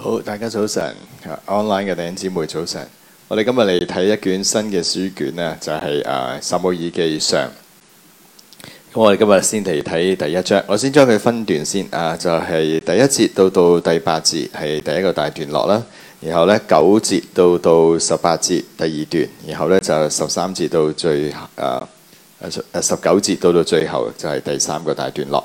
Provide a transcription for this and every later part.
好，大家早晨。online 嘅弟兄姊妹早晨。我哋今日嚟睇一卷新嘅書卷呢就係、是、誒《撒母耳記上》。咁我哋今日先嚟睇第一章。我先將佢分段先啊，就係、是、第一節到到第八節係第一個大段落啦。然後呢，九節到到十八節第二段，然後呢，就十三節到最後誒誒十九節到到最後，啊啊啊、到最後就係、是、第三個大段落。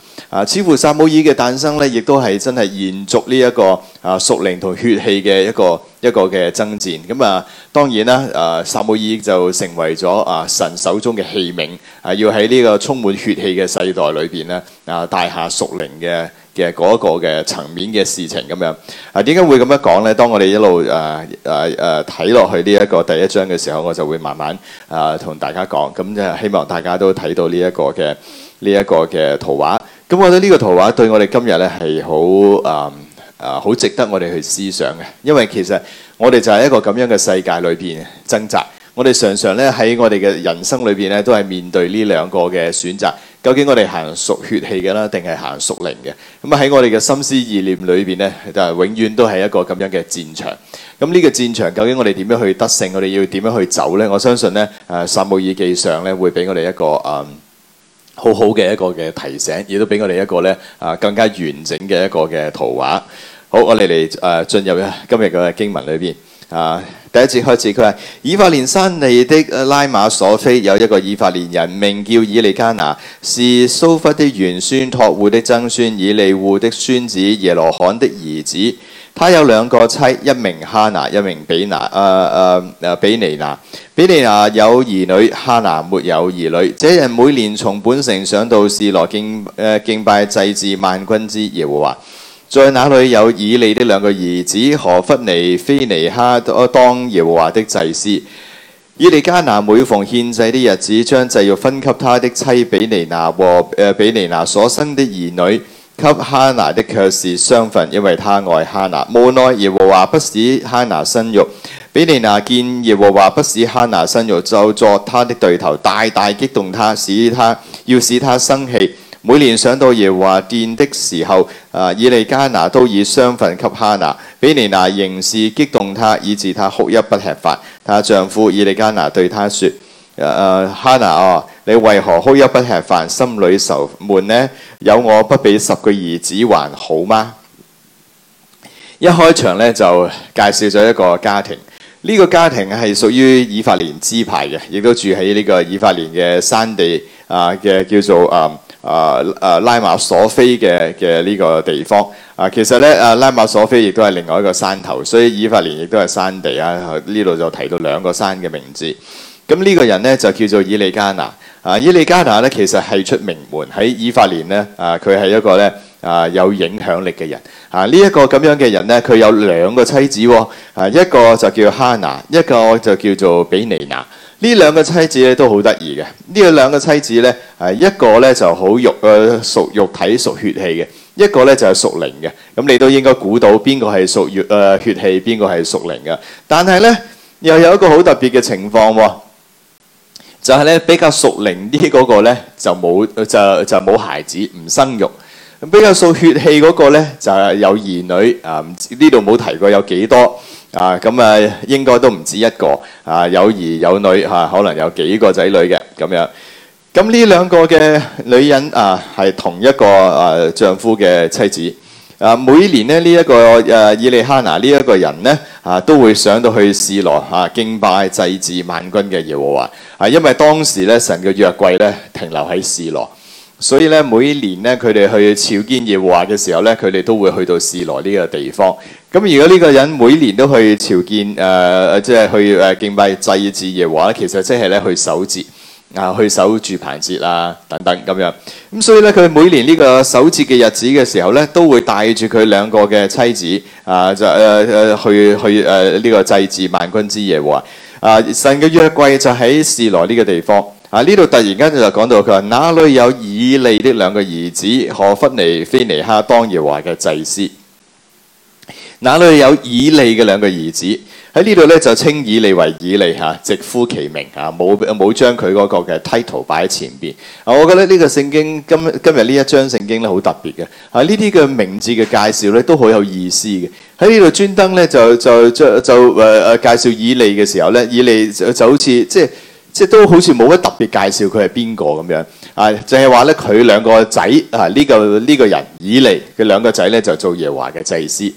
啊！似乎撒母耳嘅誕生咧，亦都係真係延續呢一個啊，屬靈同血氣嘅一個一個嘅爭戰。咁啊，當然啦，啊撒母耳就成為咗啊神手中嘅器皿，係要喺呢個充滿血氣嘅世代裏邊咧啊，大下屬靈嘅嘅嗰一個嘅層面嘅事情咁樣啊。點解會咁樣講咧？當我哋一路誒誒誒睇落去呢一個第一章嘅時候，我就會慢慢啊同大家講。咁就希望大家都睇到呢一個嘅呢一個嘅、這個、圖畫。咁我覺得呢個圖畫對我哋今日咧係好誒誒好值得我哋去思想嘅，因為其實我哋就係一個咁樣嘅世界裏邊掙扎，我哋常常咧喺我哋嘅人生裏邊咧都係面對呢兩個嘅選擇，究竟我哋行屬血氣嘅啦，定係行屬靈嘅？咁啊喺我哋嘅心思意念裏邊咧，就係永遠都係一個咁樣嘅戰場。咁呢個戰場究竟我哋點樣去得勝？我哋要點樣去走咧？我相信咧誒《撒母耳記》上咧會俾我哋一個誒。Um, 好好嘅一個嘅提醒，亦都俾我哋一個咧啊更加完整嘅一個嘅圖畫。好，我哋嚟誒進入今日嘅經文裏邊啊，第一節開始，佢話以法蓮山地的拉馬索菲有一個以法蓮人，名叫以利加拿，是蘇弗的玄孫、托戶的曾孫、以利戶的孫子、耶羅罕的兒子。他有兩個妻，一名哈拿，一名比拿，誒誒誒比尼拿。比尼拿有兒女，哈拿沒有兒女。這人每年從本城上到示羅敬誒、呃、敬拜祭祀萬軍之耶和華，在那裏有以利的兩個兒子何弗尼、非尼哈，呃、當耶和華的祭司。以利加拿每逢獻祭的日子，將祭肉分給他的妻比尼拿和誒、呃、比尼拿所生的兒女。給哈拿的卻是雙份，因為他愛哈拿。無奈耶和華不使哈拿生育，比尼拿見耶和華不使哈拿生育，就作他的對頭，大大激動他，使他要使他生氣。每年上到耶和華殿的時候，啊，以利加拿都以雙份給哈拿。比尼拿仍是激動她，以致她哭泣不吃飯。她丈夫以利加拿對她說。誒、uh, Hannah、哦、你為何哭泣不吃飯，心裏愁悶呢？有我不比十個兒子還好嗎？一開場呢，就介紹咗一個家庭，呢、呢個家庭係屬於以法蓮支派嘅，亦都住喺呢個以法蓮嘅山地啊嘅叫做誒誒誒拉馬索菲嘅嘅呢個地方啊。其實呢，誒拉馬索菲亦都係另外一個山頭，所以以法蓮亦都係山地啊。呢度就提到兩個山嘅名字。咁呢個人呢，就叫做以利加拿啊！以利加拿呢，其實係出名門喺以法蓮呢，啊，佢係一個呢啊有影響力嘅人啊。呢、這、一個咁樣嘅人呢，佢有兩個妻子喎、哦、啊，一個就叫哈娜，一個就叫做比尼娜。呢兩個妻子咧都好得意嘅。呢兩個妻子呢，誒一個呢就好肉嘅，屬肉體屬血氣嘅；一個呢就係屬靈嘅。咁、呃就是、你都應該估到邊個係屬肉誒血氣，邊個係屬靈嘅？但係呢，又有一個好特別嘅情況喎、哦。就係咧比較熟齡啲嗰個咧，就冇就就冇孩子，唔生育；比較數血氣嗰個咧，就係、是、有兒女啊。唔知呢度冇提過有幾多啊？咁啊，應該都唔止一個啊，有兒有女嚇、啊，可能有幾個仔女嘅咁樣。咁呢兩個嘅女人啊，係同一個啊丈夫嘅妻子。啊，每年呢，呢、這、一個誒以、啊、利哈娜呢一個人呢，啊，都會上到去示羅啊敬拜祭祀萬軍嘅耶和華啊，因為當時呢，神嘅約櫃呢停留喺示羅，所以呢，每年呢，佢哋去朝見耶和華嘅時候呢，佢哋都會去到示羅呢個地方。咁、啊、如果呢個人每年都去朝見誒，即、呃、係、就是、去誒敬拜祭祀耶和華，其實即係咧去守節。啊，去守住棚節啊，等等咁樣。咁所以咧，佢每年呢個守節嘅日子嘅時候咧，都會帶住佢兩個嘅妻子啊，就誒誒、啊、去去誒呢、啊這個祭祀萬軍之耶和華。啊，神嘅約櫃就喺示羅呢個地方。啊，呢度突然間就講到佢話，哪裏有以利的兩個兒子何弗尼、菲尼哈當耶和華嘅祭司？哪裏有以利嘅兩個兒子喺呢度咧？就稱以利為以利嚇、啊，直呼其名啊，冇冇將佢嗰個嘅 title 擺喺前邊啊。我覺得呢個聖經今今日呢一章聖經咧好特別嘅啊，呢啲嘅名字嘅介紹咧都好有意思嘅喺呢度專登咧就就就就誒誒、啊、介紹以利嘅時候咧，以利就，就，就好似即係即係都好似冇乜特別介紹佢係邊個咁樣啊，淨係話咧佢兩個仔啊呢、這個呢、這個人以利嘅兩個仔咧就做耶華嘅祭司。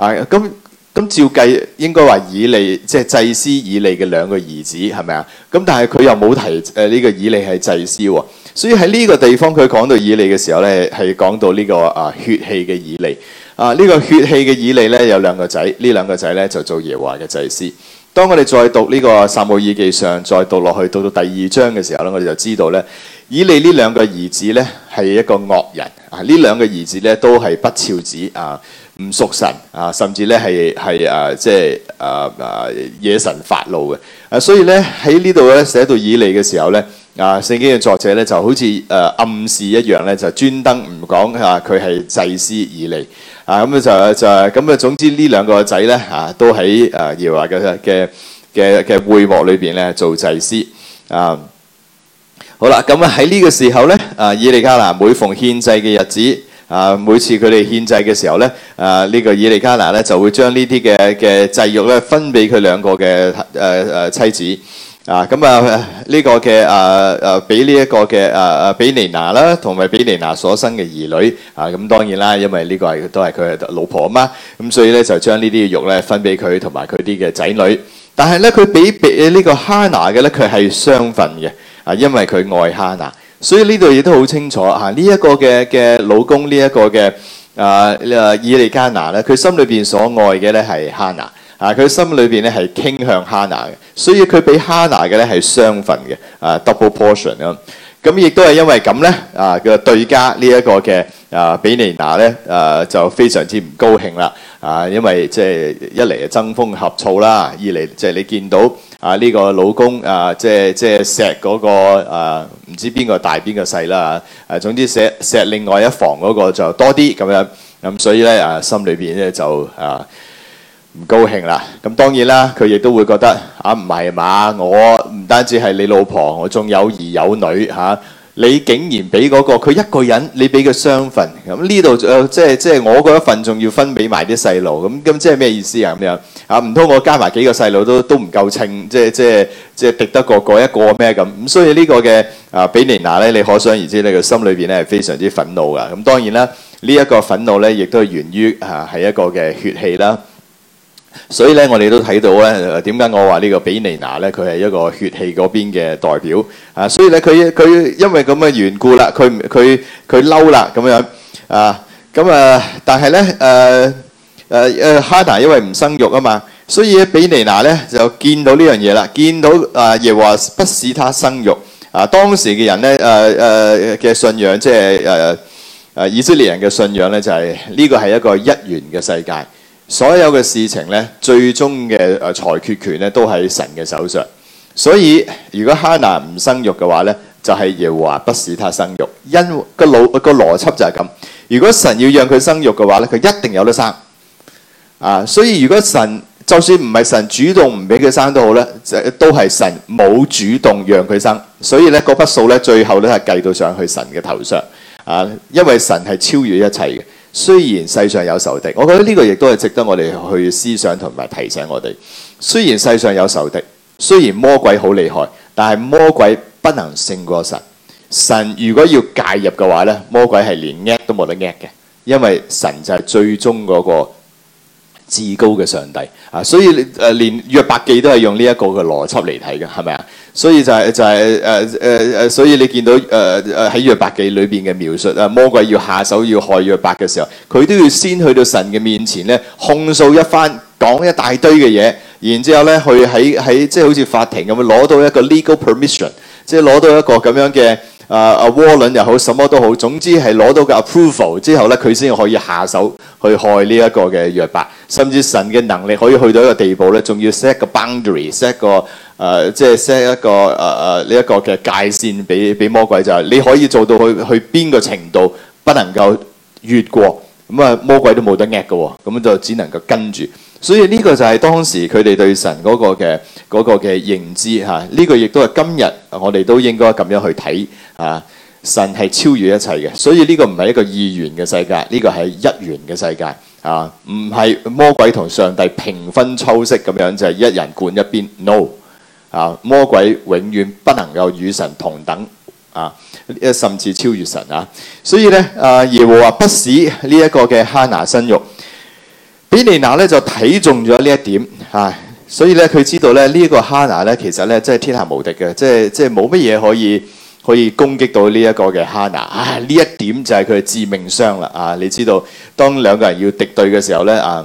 咁咁、嗯嗯、照計應該話以利即係祭司以利嘅兩個兒子係咪啊？咁、嗯、但係佢又冇提誒呢個以利係祭司喎。所以喺呢個地方佢講到以利嘅時候咧，係講到呢、呢個啊血氣嘅以利啊呢、呢個血氣嘅以利咧有兩個仔，呢兩個仔咧就做耶和華嘅祭司。當我哋再讀呢、呢個撒母耳記上再讀落去，到到第二章嘅時候咧，我哋就知道咧以利呢兩個兒子咧係一個惡人啊！呢兩個兒子咧都係不肖子啊。唔屬神啊，甚至咧係係啊，即係啊啊野神發怒嘅啊，所以咧喺呢度咧寫到以利嘅時候咧啊，聖經嘅作者咧就好似誒、啊、暗示一樣咧，就專登唔講啊佢係祭司以利啊，咁啊就就咁啊總之呢兩個仔咧啊都喺誒耶和華嘅嘅嘅嘅會幕裏邊咧做祭司啊。好啦，咁啊喺呢個時候咧啊以利加拿每逢獻祭嘅日子。啊！每次佢哋獻祭嘅時候咧，啊呢、這個以利加拿咧就會將呢啲嘅嘅祭肉咧分俾佢兩個嘅誒誒妻子啊！咁、這個、啊呢個嘅啊啊俾呢一個嘅啊啊毗尼拿啦，同埋毗尼拿所生嘅兒女啊！咁當然啦，因為呢個係都係佢老婆啊嘛，咁所以咧就將呢啲肉咧分俾佢同埋佢啲嘅仔女。但係咧佢俾俾呢個哈拿嘅咧，佢係雙份嘅啊，因為佢愛哈拿。所以呢度亦都好清楚嚇，呢一個嘅嘅老公呢一個嘅啊啊以利加拿咧，佢心裏邊所愛嘅咧係哈拿，啊佢心裏邊咧係傾向哈拿嘅，所以佢俾哈拿嘅咧係雙份嘅啊 double portion 咁。咁亦都係因為咁咧，啊個對家呢一個嘅啊比尼娜咧，啊就非常之唔高興啦，啊因為即係一嚟爭風呷醋啦，二嚟即係你見到啊呢個老公啊即係即係錫嗰個唔知邊個大邊個細啦，啊總之錫錫另外一房嗰個就多啲咁樣，咁所以咧啊心裏邊咧就啊～唔高興啦！咁當然啦，佢亦都會覺得啊，唔係嘛？我唔單止係你老婆，我仲有兒有女嚇。你竟然俾嗰個佢一個人，你俾佢雙份咁呢度誒，即係即係我嗰一份仲要分俾埋啲細路咁，咁即係咩意思啊？咁樣啊，唔通我加埋幾個細路都都唔夠稱，即係即係即係敵得過一個咩咁咁？所以呢個嘅啊比尼娜咧，你可想而知咧，佢心裏邊咧係非常之憤怒噶。咁當然啦，呢一個憤怒咧，亦都係源於啊係一個嘅血氣啦。所以咧，我哋都睇到咧，點解我話呢個比尼拿咧，佢係一個血氣嗰邊嘅代表啊！所以咧，佢佢因為咁嘅緣故啦，佢佢佢嬲啦咁樣啊！咁啊，但係咧，誒誒誒哈拿因為唔生育啊嘛，所以比尼拿咧就見到呢樣嘢啦，見到啊耶和華不使他生育啊！當時嘅人咧誒誒嘅信仰，即係誒誒以色列人嘅信仰咧，就係呢個係一個一元嘅世界。所有嘅事情咧，最終嘅誒裁決權咧都喺神嘅手上。所以如果哈拿唔生育嘅話咧，就係、是、耶和華不使他生育，因個腦個邏輯就係咁。如果神要讓佢生育嘅話咧，佢一定有得生。啊，所以如果神就算唔係神主動唔俾佢生都好咧，都係神冇主動讓佢生。所以咧，嗰筆數咧，最後都係計到上去神嘅頭上啊，因為神係超越一切嘅。雖然世上有仇敵，我覺得呢個亦都係值得我哋去思想同埋提醒我哋。雖然世上有仇敵，雖然魔鬼好厲害，但係魔鬼不能勝過神。神如果要介入嘅話呢，魔鬼係連呃都冇得呃嘅，因為神就係最終嗰個至高嘅上帝啊！所以誒，連約伯記都係用呢一個嘅邏輯嚟睇嘅，係咪啊？所以就係就係誒誒誒，所以你見到誒誒喺約伯記裏邊嘅描述啊，魔鬼要下手要害約伯嘅時候，佢都要先去到神嘅面前咧控訴一番，講一大堆嘅嘢，然之後咧去喺喺即係好似法庭咁樣攞到一個 legal permission，即係攞到一個咁樣嘅啊啊，輻輪又好，什麼都好，總之係攞到個 approval 之後咧，佢先可以下手去害呢一個嘅約伯。甚至神嘅能力可以去到一個地步咧，仲要 set 個 boundary，set 個。誒、呃，即係 set 一個誒誒呢一個嘅界線，俾俾魔鬼就係你可以做到去去邊個程度，不能夠越過咁啊。魔鬼都冇得壓嘅，咁就只能夠跟住。所以呢個就係當時佢哋對神嗰個嘅嗰個嘅認知嚇。呢、啊呢個亦都係今日我哋都應該咁樣去睇啊。神係超越一切嘅，所以呢個唔係一個二元嘅世界，呢、呢個係一元嘅世界啊，唔係魔鬼同上帝平分秋色咁樣就係一人管一邊。No。啊！魔鬼永遠不能夠與神同等啊！甚至超越神啊！所以咧，啊，耶和華不使呢一個嘅哈拿生育。比尼拿咧就睇中咗呢一點啊！所以咧，佢知道咧呢一個哈拿咧其實咧即係天下無敵嘅，即係即係冇乜嘢可以可以攻擊到呢一個嘅哈拿啊！呢一點就係佢嘅致命傷啦啊！你知道當兩個人要敵對嘅時候咧啊！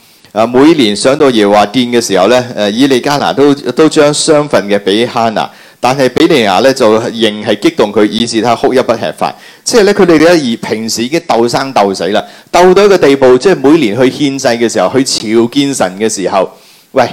啊，每年上到耶華殿嘅時候咧，誒以利加拿都都將雙份嘅俾哈拿，但係比利亞咧就仍係激動佢，以致他哭泣不吃飯。即係咧，佢哋咧而平時已經鬥生鬥死啦，鬥到一個地步，即係每年去獻祭嘅時候，去朝見神嘅時候，喂。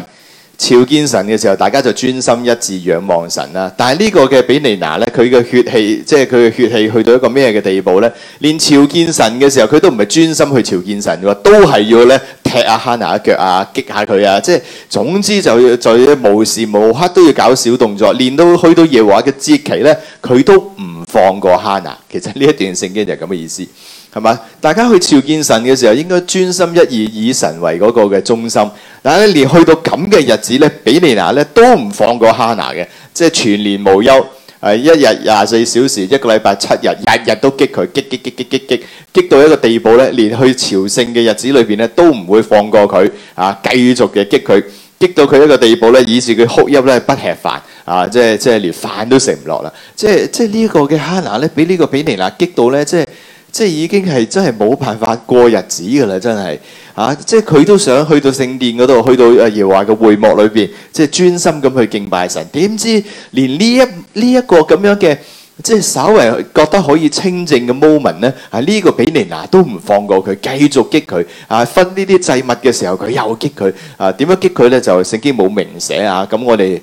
朝見神嘅時候，大家就專心一致仰望神啦。但係呢個嘅毗尼拿，咧，佢嘅血氣，即係佢嘅血氣去到一個咩嘅地步咧？連朝見神嘅時候，佢都唔係專心去朝見神喎，都係要咧踢阿哈拿腳一腳啊，激下佢啊，即係總之就要就要無時無刻都要搞小動作。連到去到耶和華嘅節期咧，佢都唔。放過哈娜，其實呢一段聖經就係咁嘅意思，係嘛？大家去朝見神嘅時候，應該專心一意，以神為嗰個嘅中心。但係咧連去到咁嘅日子咧，比利拿咧都唔放過哈娜嘅，即係全年無休，係一日廿四小時，一個禮拜七日，日日都激佢，激激激激激激激到一個地步咧，連去朝聖嘅日子裏邊咧都唔會放過佢啊，繼續嘅激佢。激到佢一個地步咧，以致佢哭泣咧，不吃飯啊！即係即係連飯都食唔落啦！即係即係呢一個嘅哈拿咧，俾呢個比尼拿激到咧，即係即係已經係真係冇辦法過日子嘅啦！真係啊！即係佢都想去到聖殿嗰度，去到誒耶和華嘅會幕裏邊，即係專心咁去敬拜神。點知連呢一呢一,一個咁樣嘅～即係稍為覺得可以清靜嘅 moment 咧，啊，係、這、呢個比尼拿都唔放過佢，繼續激佢。啊，分呢啲祭物嘅時候，佢又激佢。啊，點樣激佢咧？就聖、是、經冇明寫啊。咁我哋。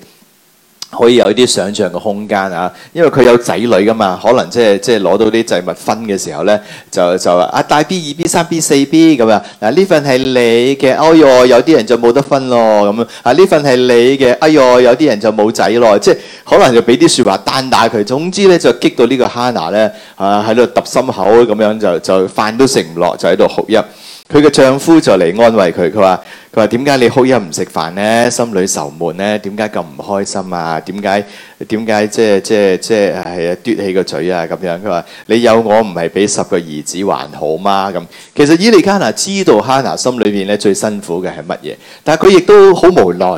可以有啲想象嘅空間啊，因為佢有仔女噶嘛，可能即係即係攞到啲祭物分嘅時候咧，就就話啊大 B 二 B 三 B 四 B 咁樣，嗱，呢份係你嘅，哎呦有啲人就冇得分咯，咁啊呢份係你嘅，哎呦有啲人就冇仔咯，即係可能就俾啲說話單打佢，總之咧就激到呢個 Hannah 咧，啊喺度揼心口咁樣，就就飯都食唔落，就喺度哭泣。佢嘅丈夫就嚟安慰佢，佢話：佢話點解你哭泣唔食飯呢？心裏愁悶呢？點解咁唔開心啊？點解點解即即即係嘟起個嘴啊咁樣？佢話：你有我唔係比十個兒子還好嗎？咁其實伊利卡娜知道哈娜心裏面咧最辛苦嘅係乜嘢，但係佢亦都好無奈，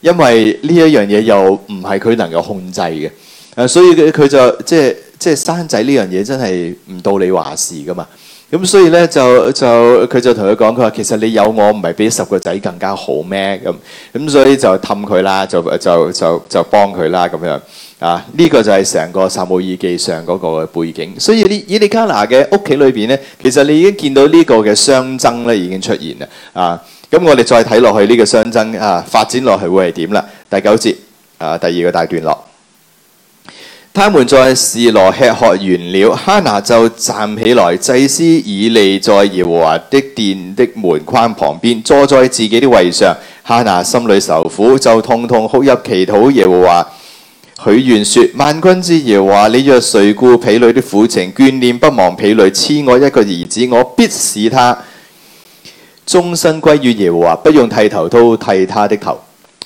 因為呢一樣嘢又唔係佢能夠控制嘅。啊，所以佢佢就即即生仔呢樣嘢真係唔到你話事噶嘛。咁所以咧就就佢就同佢講，佢話其實你有我唔係比十個仔更加好咩？咁咁所以就氹佢啦，就就就就幫佢啦咁樣啊！呢個就係成個撒母耳記上嗰個嘅背景。所以呢以利加拿嘅屋企裏邊咧，其實你已經見到呢個嘅相爭咧已經出現啦啊！咁我哋再睇落去呢個相爭啊發展落去會係點啦？第九節啊，第二個大段落。他們在士羅吃喝完了，哈拿就站起來，祭司以利在耶和華的殿的門框旁邊坐在自己的位上。哈拿心裏受苦，就痛痛哭泣祈禱耶和華。許願說：萬軍之耶和華，你若垂顧婢女的苦情，眷念不忘婢女，賜我一個兒子，我必使他終身歸於耶和華，不用剃頭刀剃他的頭。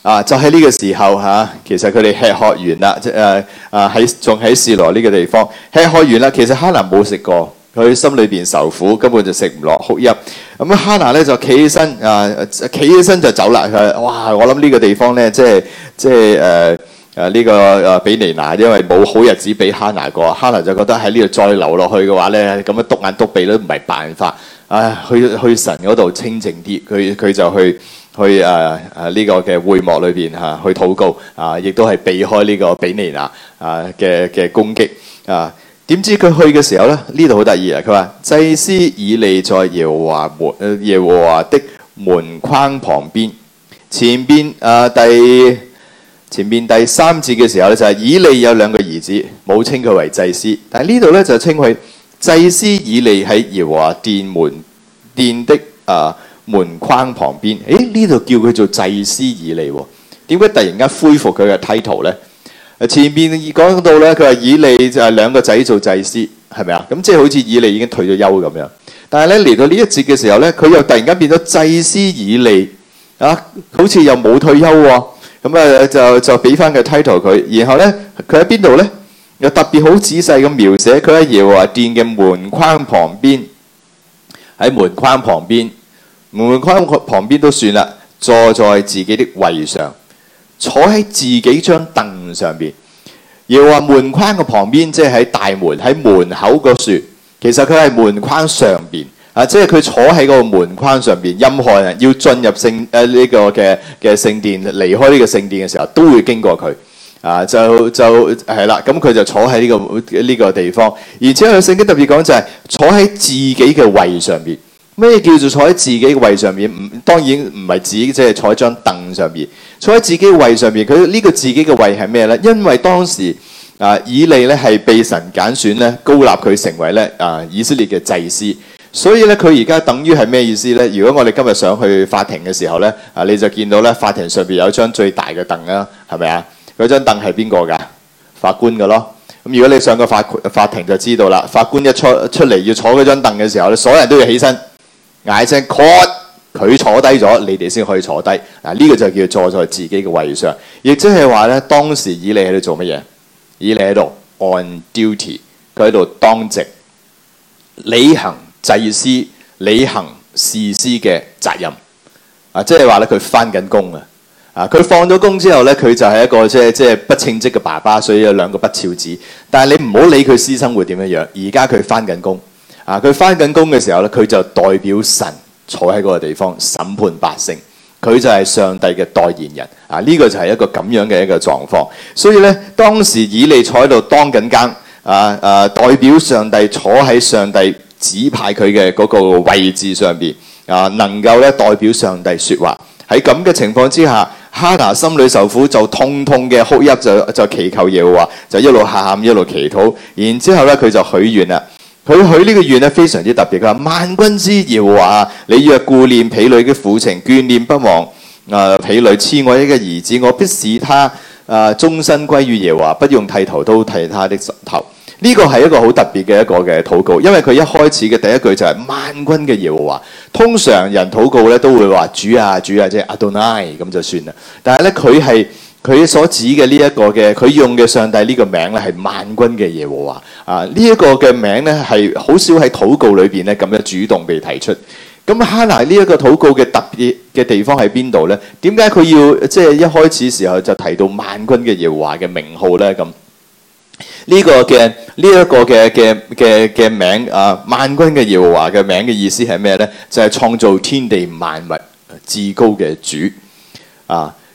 啊！就喺呢個時候嚇，其實佢哋吃喝完啦，即係啊喺仲喺示羅呢個地方吃喝完啦。其實哈拿冇食過，佢心裏邊受苦，根本就食唔落，哭泣。咁啊，哈拿咧就企起身，啊企起身就走啦。佢哇！我諗呢個地方咧，即係即係誒誒呢個誒比尼拿，因為冇好日子俾哈拿過。哈拿就覺得喺呢度再留落去嘅話咧，咁樣篤眼篤鼻都唔係辦法。唉，去去神嗰度清靜啲，佢佢就去。去誒誒呢個嘅會幕裏邊嚇去禱告啊，亦都係避開呢個比尼娜啊嘅嘅攻擊啊。點、啊、知佢去嘅時候咧，呢度好得意啊！佢話祭司以利在耶和華門耶和華的門框旁邊前邊誒、啊、第前邊第三節嘅時候咧，就係、是、以利有兩個兒子，冇稱佢為祭司，但係呢度咧就稱佢祭司以利喺耶和華殿門殿的啊。門框旁邊，誒呢度叫佢做祭司以利，點解突然間恢復佢嘅 title 咧？前面講到咧，佢話以利就係兩個仔做祭司，係咪啊？咁即係好似以利已經退咗休咁樣，但係咧嚟到呢一節嘅時候咧，佢又突然間變咗祭司以利啊，好似又冇退休喎。咁啊，就就俾翻個 title 佢，然後咧佢喺邊度咧？又特別好仔細咁描寫佢喺耶和華殿嘅門框旁邊喺門框旁邊。門框旁邊都算啦，坐在自己的位上，坐喺自己張凳上邊。又話門框個旁邊，即係喺大門喺門口個處，其實佢係門框上邊啊，即係佢坐喺個門框上邊。任何人要進入聖誒呢個嘅嘅聖殿，離開呢個聖殿嘅時候，都會經過佢啊，就就係啦。咁佢就坐喺呢、這個呢、這個地方，而且佢聖經特別講就係、是、坐喺自己嘅位上邊。咩叫做坐喺自己位上面？唔當然唔係自己，即係坐喺張凳上面，坐喺自己位上面。佢呢個自己嘅位係咩呢？因為當時啊、呃，以利咧係被神揀選咧，高立佢成為咧啊、呃、以色列嘅祭司，所以咧佢而家等於係咩意思呢？如果我哋今日上去法庭嘅時候呢，啊，你就見到咧法庭上邊有張最大嘅凳啊，係咪啊？嗰張凳係邊個㗎？法官㗎咯。咁如果你上過法法庭就知道啦。法官一出出嚟要坐嗰張凳嘅時候咧，所有人都要起身。大聲 call 佢，坐低咗，你哋先可以坐低。嗱、啊、呢、這個就叫坐在自己嘅位上，亦即係話咧，當時以利喺度做乜嘢？以利喺度 on duty，佢喺度當值，履行祭司，履行士師嘅責任。啊，即係話咧，佢返緊工啊！啊，佢放咗工之後咧，佢就係一個即係即係不稱職嘅爸爸，所以有兩個不肖子。但係你唔好理佢私生活點樣樣，而家佢返緊工。啊！佢返緊工嘅時候咧，佢就代表神坐喺嗰個地方審判百姓，佢就係上帝嘅代言人。啊！呢個就係一個咁樣嘅一個狀況。所以咧，當時以利坐喺度當緊監，啊啊，代表上帝坐喺上帝指派佢嘅嗰個位置上邊，啊，能夠咧代表上帝説話。喺咁嘅情況之下，哈拿心裏受苦，就痛痛嘅哭泣，就就祈求耶和華，就一路喊一路祈禱。然之後咧，佢就許願啦。佢許呢個願咧非常之特別，佢話萬軍之耶和華，你若顧念婢女嘅苦情，眷念不忘啊，婢、呃、女賜我一個兒子，我必使他啊、呃、終身歸於耶和華，不用剃頭刀剃他的頭。呢個係一個好特別嘅一個嘅禱告，因為佢一開始嘅第一句就係萬軍嘅耶和華。通常人禱告咧都會話主啊主啊，即係、啊就是、阿多奈咁就算啦。但係咧佢係。佢所指嘅呢一個嘅佢用嘅上帝呢個名咧係萬軍嘅耶和華啊！這個、呢一個嘅名咧係好少喺禱告裏邊咧咁樣主動被提出。咁哈拿呢一個禱告嘅特別嘅地方喺邊度咧？點解佢要即係、就是、一開始時候就提到萬軍嘅耶和華嘅名號咧？咁呢個嘅呢一個嘅嘅嘅嘅名啊，萬軍嘅耶和華嘅名嘅意思係咩咧？就係、是、創造天地萬物至高嘅主啊！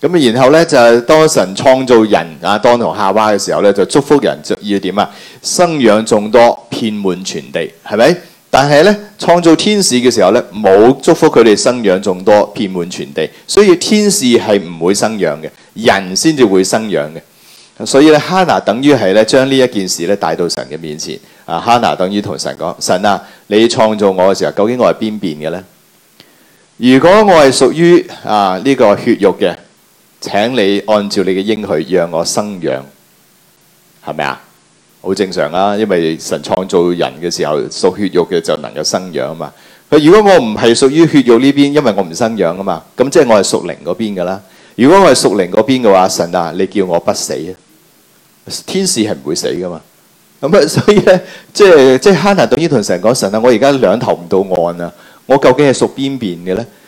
咁然後咧就係當神創造人啊，當同夏娃嘅時候咧，就祝福人就要點啊？生養眾多，遍滿全地，係咪？但係咧，創造天使嘅時候咧，冇祝福佢哋生養眾多，遍滿全地。所以天使係唔會生養嘅，人先至會生養嘅。所以咧，哈拿等於係咧，將呢一件事咧帶到神嘅面前。啊，哈拿等於同神講：神啊，你創造我嘅時候，究竟我係邊邊嘅咧？如果我係屬於啊呢個血肉嘅。請你按照你嘅應許，讓我生養，係咪啊？好正常啊，因為神創造人嘅時候，屬血肉嘅就能夠生養嘛。佢如果我唔係屬於血肉呢邊，因為我唔生養啊嘛，咁即係我係屬靈嗰邊噶啦。如果我係屬靈嗰邊嘅話，神啊，你叫我不死啊！天使係唔會死噶嘛。咁啊，所以咧，即係即係哈拿對於同神講：神啊，我而家兩頭唔到岸啊！我究竟係屬邊邊嘅咧？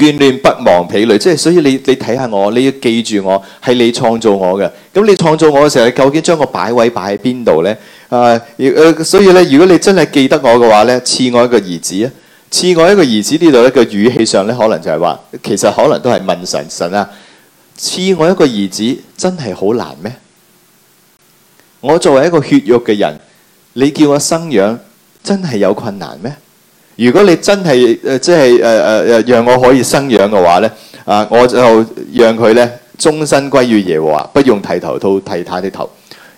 眷戀不忘疲累，即係所以你你睇下我，你要記住我係你創造我嘅。咁你創造我嘅時候，你究竟將個擺位擺喺邊度呢？啊、呃呃，所以咧，如果你真係記得我嘅話呢「賜我一個兒子啊！賜我一個兒子呢度一個語氣上呢，可能就係話，其實可能都係問神神啊！賜我一個兒子真係好難咩？我作為一個血肉嘅人，你叫我生養真係有困難咩？如果你真係誒、呃、即係誒誒誒讓我可以生養嘅話咧，啊、呃、我就讓佢咧終身歸於耶和華，不用剃頭刀剃他的頭。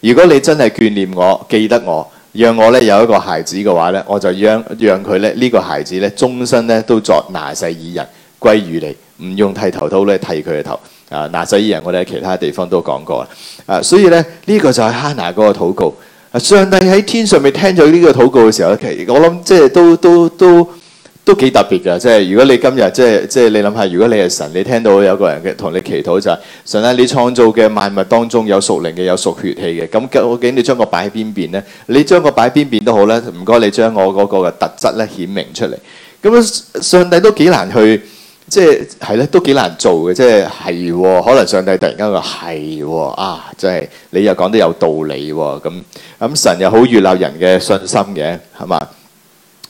如果你真係眷念我、記得我，讓我咧有一個孩子嘅話咧，我就讓讓佢咧呢、這個孩子咧終身咧都作拿細耳人歸於你，唔用剃頭刀咧剃佢嘅頭。啊，拿細耳人我哋喺其他地方都講過啦。啊，所以咧呢、這個就係哈拿嗰個禱告。上帝喺天上面聽咗呢個禱告嘅時候，其實我諗即係都都都都幾特別㗎。即係如果你今日即係即係你諗下，如果你係神，你聽到有個人嘅同你祈禱就係：神啊，你創造嘅萬物當中有屬靈嘅，有屬血氣嘅。咁究竟你將個擺喺邊邊咧？你將個擺喺邊邊都好咧。唔該，你將我嗰個嘅特質咧顯明出嚟。咁上帝都幾難去。即係咧，都幾難做嘅。即係係可能上帝突然間話係喎，啊，真係你又講得有道理喎。咁、嗯、咁神又好悦納人嘅信心嘅，係嘛？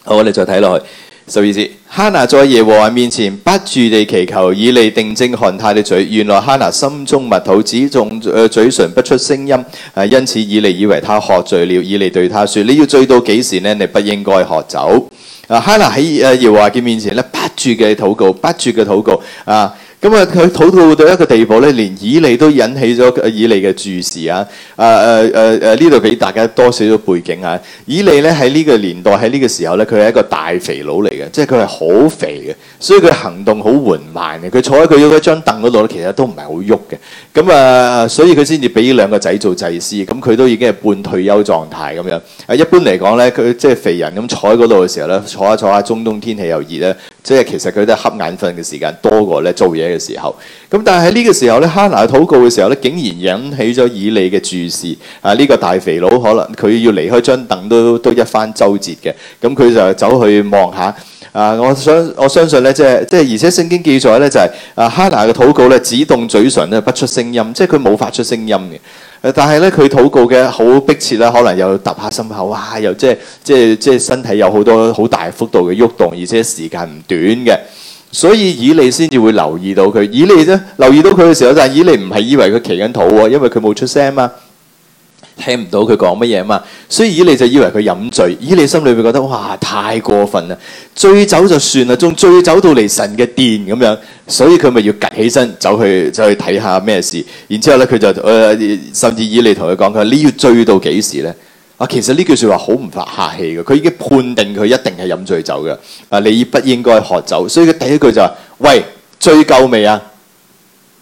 好，我哋再睇落去。十二節，哈拿在耶和華面前不住地祈求，以利定睛看他的嘴，原來哈拿心中默禱，只動嘴唇不出聲音。啊，因此以利以為他喝醉了，以利對他説：你要醉到幾時呢？你不應該喝酒。嗱，Hannah 喺誒耶和華嘅面前咧，不住嘅禱告，不住嘅禱告，啊！咁啊，佢討到到一個地步咧，連以利都引起咗以利嘅注視啊！誒誒誒誒，呢度俾大家多少少背景啊！以利咧喺呢個年代喺呢個時候咧，佢係一個大肥佬嚟嘅，即係佢係好肥嘅，所以佢行動好緩慢嘅。佢坐喺佢嗰張凳嗰度咧，其實都唔係好喐嘅。咁、嗯、啊，所以佢先至俾兩個仔做祭司。咁、嗯、佢都已經係半退休狀態咁樣。誒，一般嚟講咧，佢即係肥人咁、嗯、坐喺嗰度嘅時候咧，坐下坐下，中東天氣又熱咧，即係其實佢都係瞌眼瞓嘅時間多過咧做嘢。嘅時候，咁但係喺呢個時候咧，哈拿禱告嘅時候咧，竟然引起咗以利嘅注視。啊，呢個大肥佬可能佢要離開張凳都都一番周折嘅。咁佢就走去望下。啊，我想我相信咧，即係即係，而且聖經記載咧就係啊，哈拿嘅禱告咧，只動嘴唇咧，不出聲音，即係佢冇發出聲音嘅。但係咧，佢禱告嘅好迫切啦，可能又揼下心口，哇，又即係即係即係身體有好多好大幅度嘅喐動，而且時間唔短嘅。所以以利先至會留意到佢，以利咧留意到佢嘅時候，就係以利唔係以為佢企緊肚喎，因為佢冇出聲嘛，聽唔到佢講乜嘢嘛，所以以利就以為佢飲醉。以利心裏會覺得哇，太過分啦！醉酒就算啦，仲醉酒到嚟神嘅殿咁樣，所以佢咪要趷起身走去走去睇下咩事。然之後咧，佢就誒、呃、甚至以利同佢講：佢話你要醉到幾時咧？啊，其實呢句説話好唔發客氣嘅，佢已經判定佢一定係飲醉酒嘅。啊，你不應該喝酒，所以佢第一句就話：喂，醉夠未啊？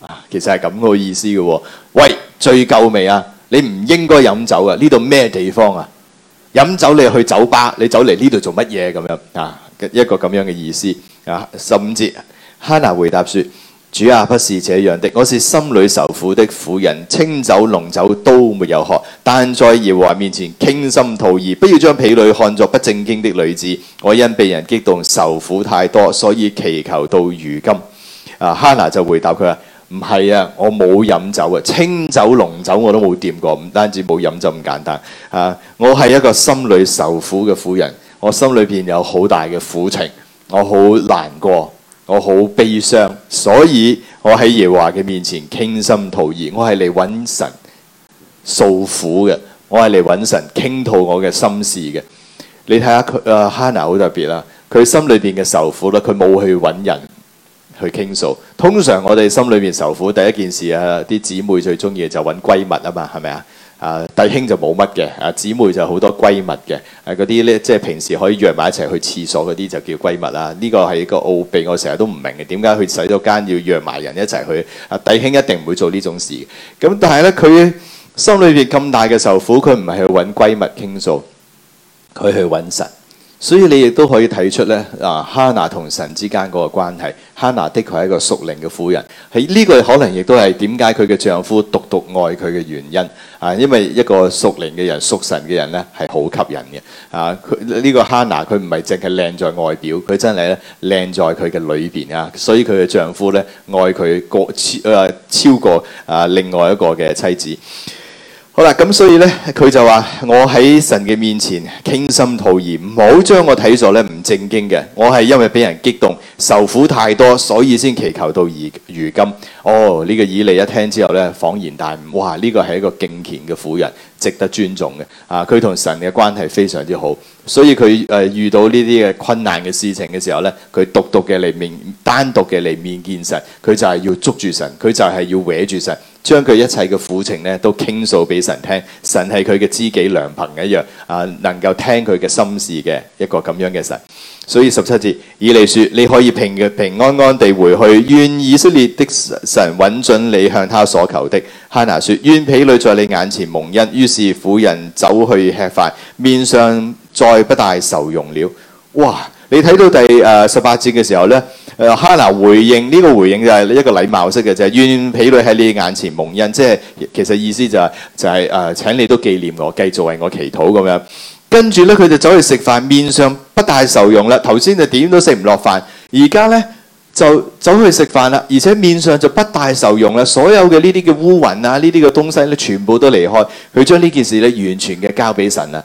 啊，其實係咁個意思嘅喎。喂，醉夠未啊？你唔應該飲酒啊。呢度咩地方啊？飲酒你去酒吧，你走嚟呢度做乜嘢咁樣啊？一個咁樣嘅意思啊。十五節，哈拿回答說。主啊，不是這樣的，我是心裏受苦的婦人，清酒濃酒都沒有喝，但在耶和華面前傾心吐意。不要將婢女看作不正經的女子。我因被人激動，受苦太多，所以祈求到如今。啊，哈拿就回答佢話：唔係啊，我冇飲酒啊，清酒濃酒我都冇掂過，唔單止冇飲酒咁簡單。啊，我係一個心裏受苦嘅婦人，我心裏邊有好大嘅苦情，我好難過。我好悲傷，所以我喺耶華嘅面前傾心吐意。我係嚟揾神訴苦嘅，我係嚟揾神傾吐我嘅心事嘅。你睇下佢啊，Hannah 好特別啦，佢心裏邊嘅受苦咧，佢冇去揾人去傾訴。通常我哋心裏面受苦，第一件事啊，啲姊妹最中意就揾閨蜜啊嘛，係咪啊？啊，弟兄就冇乜嘅，啊姊妹就好多閨蜜嘅，誒嗰啲咧即係平時可以約埋一齊去廁所嗰啲就叫閨蜜啦。呢個係個奧秘，我成日都唔明嘅，點解去洗咗間要約埋人一齊去？啊，弟兄一定唔會做呢種事咁，啊、但係咧，佢心裏邊咁大嘅受苦，佢唔係去揾閨蜜傾訴，佢去揾神。所以你亦都可以睇出咧啊，哈娜同神之間嗰個關係，哈娜的確係一個屬靈嘅婦人，喺、這、呢個可能亦都係點解佢嘅丈夫獨獨愛佢嘅原因啊，因為一個屬靈嘅人、屬神嘅人咧係好吸引嘅啊。佢、這、呢個哈娜佢唔係淨係靚在外表，佢真係咧靚在佢嘅裏邊啊，所以佢嘅丈夫咧愛佢過超誒、啊、超過啊另外一個嘅妻子。好啦，咁所以呢，佢就話我喺神嘅面前傾心吐意，唔好將我睇作咧唔正經嘅。我係因為俾人激動，受苦太多，所以先祈求到而如今。哦，呢個以利一聽之後呢，恍然大悟，哇！ 呢個係一個敬虔嘅婦人，值得尊重嘅。啊，佢同神嘅關係非常之好。所以佢誒、呃、遇到呢啲嘅困難嘅事情嘅時候呢，佢獨獨嘅嚟面，單獨嘅嚟面見神，佢就係要捉住神，佢就係要搲住神，將佢一切嘅苦情呢都傾訴俾神聽。神係佢嘅知己良朋一樣，啊，能夠聽佢嘅心事嘅一個咁樣嘅神。所以十七節以利說，你可以平平安安地回去，願以色列的神允準你向他所求的。哈拿說，願婢女在你眼前蒙恩。於是婦人走去吃飯，面上。再不帶愁容了，哇！你睇到第誒、呃、十八節嘅時候咧，誒哈拿回應呢、這個回應就係一個禮貌式嘅就啫，願婢女喺你眼前蒙恩，即係其實意思就係、是、就係、是、誒、呃、請你都記念我，繼續為我祈禱咁樣。跟住咧，佢就走去食飯，面上不帶愁容啦。頭先就點都食唔落飯，而家咧就走去食飯啦，而且面上就不帶愁容啦。所有嘅呢啲嘅烏雲啊，呢啲嘅東西咧，全部都離開，佢將呢件事咧完全嘅交俾神啊。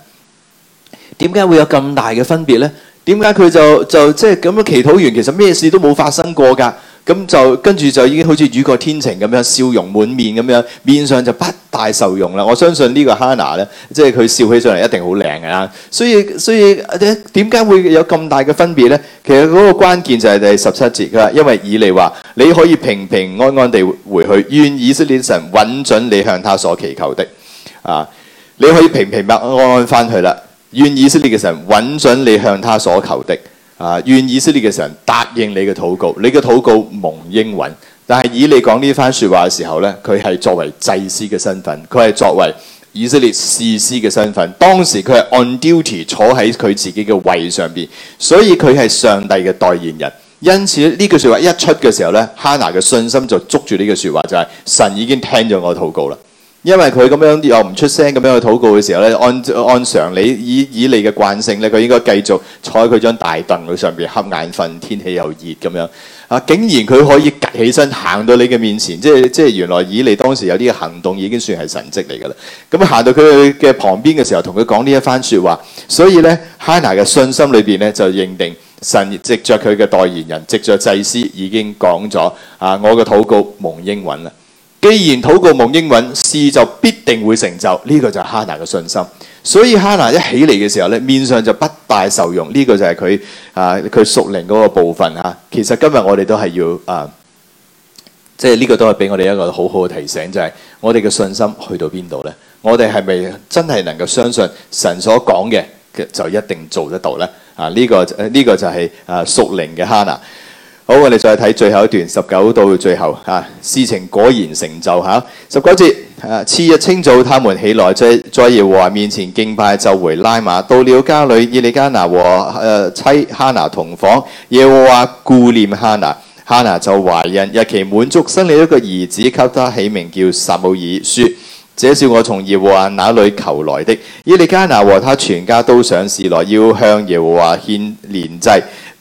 點解會有咁大嘅分別呢？點解佢就就即係咁樣祈禱完，其實咩事都冇發生過㗎？咁就跟住就已經好似雨過天晴咁樣，笑容滿面咁樣，面上就不大受容不帶愁容啦。我相信呢個哈娜咧，即係佢笑起上嚟一定好靚㗎啦。所以所以啊，點解會有咁大嘅分別呢？其實嗰個關鍵就係第十七節啦，因為以利話你可以平平安安地回去，願以色列神允准你向他所祈求的啊，你可以平平安安翻去啦。願以色列嘅神允准你向他所求的啊！願以色列嘅神答應你嘅禱告，你嘅禱告蒙應允。但係以你講呢番說話嘅時候呢，佢係作為祭司嘅身份，佢係作為以色列士師嘅身份。當時佢係 on duty 坐喺佢自己嘅位上邊，所以佢係上帝嘅代言人。因此呢句說話一出嘅時候呢，哈拿嘅信心就捉住呢句說話，就係、是、神已經聽咗我禱告啦。因為佢咁樣又唔出聲咁樣去禱告嘅時候咧，按按常理，以以利嘅慣性咧，佢應該繼續坐喺佢張大凳佢上邊瞌眼瞓，天氣又熱咁樣啊！竟然佢可以起身行到你嘅面前，即係即係原來以利當時有啲嘅行動已經算係神蹟嚟㗎啦。咁、嗯、啊，行到佢嘅旁邊嘅時候，同佢講呢一番説話。所以咧，哈拿嘅信心裏邊咧就認定神藉著佢嘅代言人，藉着祭司已經講咗啊，我嘅禱告蒙應允啦。既然禱告蒙應允，事就必定會成就。呢、這個就係哈拿嘅信心。所以 h a n 哈拿一起嚟嘅時候咧，面上就不帶愁容。呢、這個就係佢啊，佢屬靈嗰個部分啊。其實今日我哋都係要啊，即係呢個都係俾我哋一個好好嘅提醒，就係、是、我哋嘅信心去到邊度呢？我哋係咪真係能夠相信神所講嘅就一定做得到呢？啊，呢、這個誒呢、啊這個就係、是、啊屬靈嘅哈拿。好，我哋再睇最後一段十九到最後嚇、啊、事情果然成就嚇、啊、十九節啊。次日清早，他們起來，再在耶和華面前敬拜，就回拉馬。到了家裏，以利加拿和誒、呃、妻哈拿同房，耶和華顧念哈拿，哈拿就懷孕，日期滿足，生了一個兒子，給他起名叫撒母耳，說：這是我從耶和華那裏求來的。以利加拿和他全家都上事來，要向耶和華獻年祭，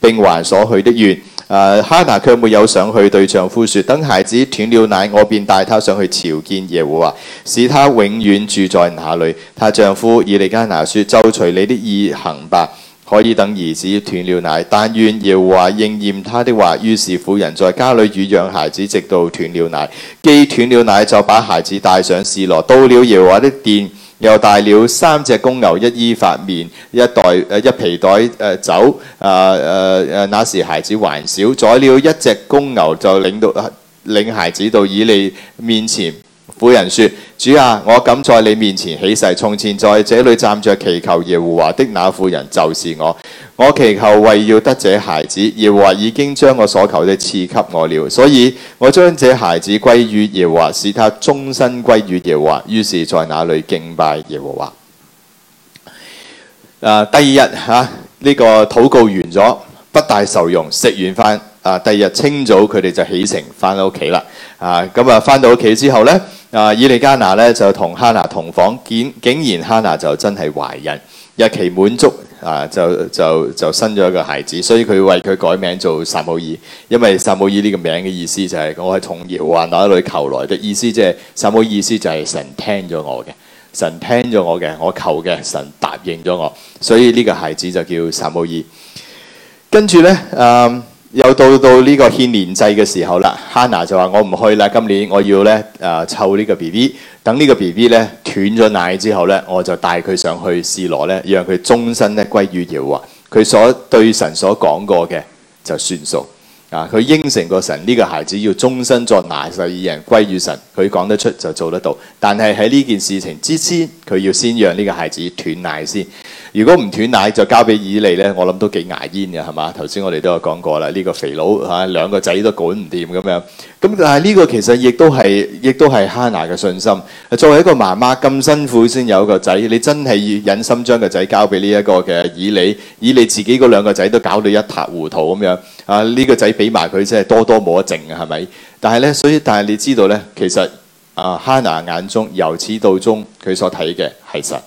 並還所許的願。誒，哈拿卻沒有上去，對丈夫説：等孩子斷了奶，我便帶他上去朝見耶和華，使他永遠住在那裏。」他丈夫以利加拿説：就隨你的意行吧，可以等兒子斷了奶。但願耶和華應驗他的話。於是婦人在家裏乳養孩子，直到斷了奶。既斷了奶，就把孩子帶上示羅，到了耶和華的殿。又帶了三隻公牛，一衣發麵，一袋一皮袋、呃、酒。那、呃呃、時孩子還小，宰了一隻公牛就領到領孩子到以利面前。婦人說：主啊，我敢在你面前起誓，從前在這裏站着祈求耶和華的那婦人就是我。我祈求為要得這孩子，耶和華已經將我所求的賜給我了，所以我將這孩子歸於耶和華，使他終身歸於耶和華。於是，在那裏敬拜耶和華，啊。第二日吓，呢、啊這個禱告完咗，不大受用。食完飯啊，第二日清早佢哋就起程翻屋企啦。啊，咁啊，翻到屋企之後呢，啊，以利加拿呢就同哈拿同房，竟竟然哈拿就真係懷孕。日期滿足啊！就就就，就生咗一個孩子，所以佢為佢改名做撒母耳，因為撒母耳呢個名嘅意思就係、是、我係從耶和華，哪裏求來嘅意思，即係撒母耳意思就係、是、神聽咗我嘅，神聽咗我嘅，我求嘅，神答應咗我，所以呢個孩子就叫撒母耳。跟住呢。嗯。又到到呢個獻年祭嘅時候啦，哈拿就話：我唔去啦，今年我要呢啊湊、呃、呢個 B B，等呢個 B B 咧斷咗奶之後呢，我就帶佢上去示羅呢，讓佢終身呢歸於耶和華！佢所對神所講過嘅就算數啊！佢應承過神，呢、這個孩子要終身作拿細耳人歸於神，佢講得出就做得到。但係喺呢件事情之前，佢要先讓呢個孩子斷奶先。如果唔斷奶就交俾以利呢，我諗都幾牙煙嘅係嘛？頭先我哋都有講過啦，呢個肥佬嚇兩個仔都管唔掂咁樣。咁但係呢個其實亦都係亦都係哈娜嘅信心。作為一個媽媽咁辛苦先有一個仔，你真係要忍心將個仔交俾呢一個嘅以利？以利自己嗰兩個仔都搞到一塌糊塗咁樣啊！呢個仔俾埋佢真係多多冇得剩，嘅係咪？但係呢，所以但係你知道呢，其實啊，哈娜眼中由始到終佢所睇嘅係神。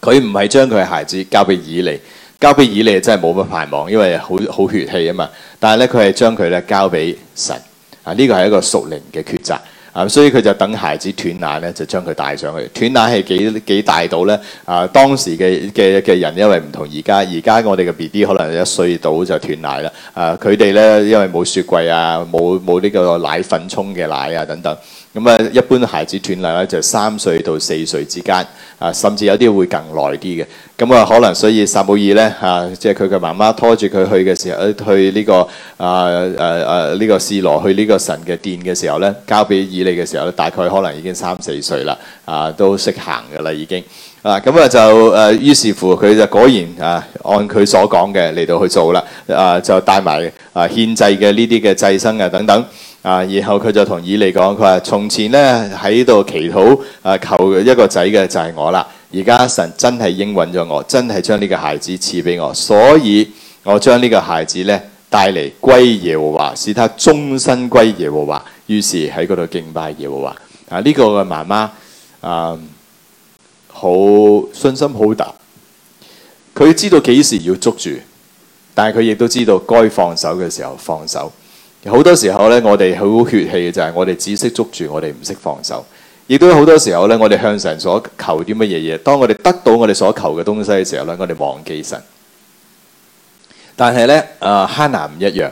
佢唔係將佢嘅孩子交俾以利，交俾以利真係冇乜盼望，因為好好血氣啊嘛。但係咧，佢係將佢交俾神啊，呢、這個係一個屬靈嘅抉擇。啊，所以佢就等孩子斷奶咧，就將佢帶上去。斷奶係幾幾大到咧？啊，當時嘅嘅嘅人因為唔同而家，而家我哋嘅 BB 可能一歲到就斷奶啦。啊，佢哋咧因為冇雪櫃啊，冇冇呢個奶粉沖嘅奶啊等等。咁啊，一般孩子斷奶咧就三歲到四歲之間，啊，甚至有啲會更耐啲嘅。咁啊，可能所以撒母耳咧嚇，即係佢嘅媽媽拖住佢去嘅時候，去呢個啊誒誒呢個士羅去呢個神嘅殿嘅時候咧，交俾以利嘅時候咧，大概可能已經三四歲啦，啊都識行㗎啦已經，啊咁啊就誒於是乎佢就果然啊按佢所講嘅嚟到去做啦，啊就帶埋啊獻祭嘅呢啲嘅祭牲啊等等，啊然後佢就同以利講，佢話從前咧喺度祈禱啊求一個仔嘅就係我啦。而家神真係應允咗我，真係將呢個孩子賜俾我，所以我將呢個孩子呢帶嚟歸耶和華，使他終身歸耶和華。於是喺嗰度敬拜耶和華。啊，呢、這個嘅媽媽啊，好、嗯、信心好大，佢知道幾時要捉住，但係佢亦都知道該放手嘅時候放手。好多時候呢，我哋好血氣就係我哋只識捉住，我哋唔識放手。亦都好多時候咧，我哋向神所求啲乜嘢嘢，當我哋得到我哋所求嘅東西嘅時候咧，我哋忘記神。但係咧，誒哈拿唔一樣，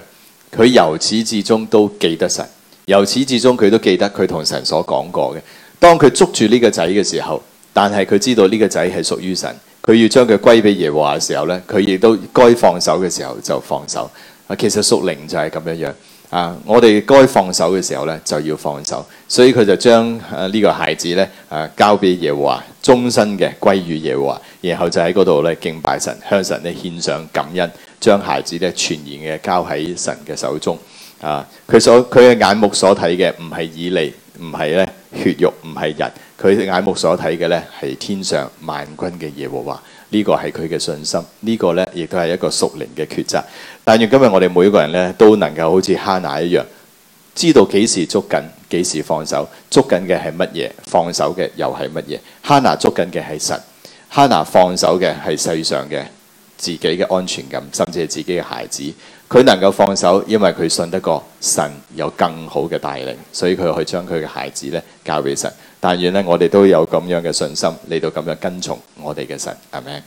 佢由始至終都記得神，由始至終佢都記得佢同神所講過嘅。當佢捉住呢個仔嘅時候，但係佢知道呢個仔係屬於神，佢要將佢歸俾耶和華嘅時候咧，佢亦都該放手嘅時候就放手。啊，其實蘇寧就係咁樣樣。啊！我哋該放手嘅時候呢，就要放手。所以佢就將呢、啊呢個孩子呢啊交俾耶和華，終身嘅歸於耶和華，然後就喺嗰度呢敬拜神，向神呢獻上感恩，將孩子呢全然嘅交喺神嘅手中。啊！佢所佢嘅眼目所睇嘅唔係以利，唔係呢血肉，唔係人，佢眼目所睇嘅呢，係天上萬軍嘅耶和華。呢個係佢嘅信心，呢、這個呢亦都係一個屬靈嘅抉擇。但願今日我哋每個人呢，都能夠好似哈拿一樣，知道幾時捉緊，幾時放手。捉緊嘅係乜嘢？放手嘅又係乜嘢？哈拿捉緊嘅係神，哈拿放手嘅係世上嘅自己嘅安全感，甚至係自己嘅孩子。佢能夠放手，因為佢信得過神有更好嘅帶領，所以佢去將佢嘅孩子呢，交俾神。但願呢，我哋都有咁樣嘅信心嚟到咁樣跟從我哋嘅神，阿門。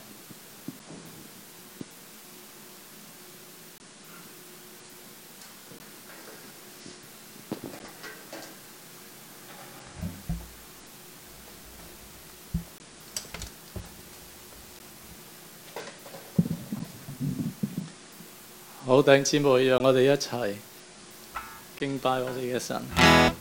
好，弟兄姊妹，讓我哋一齊敬拜我哋嘅神。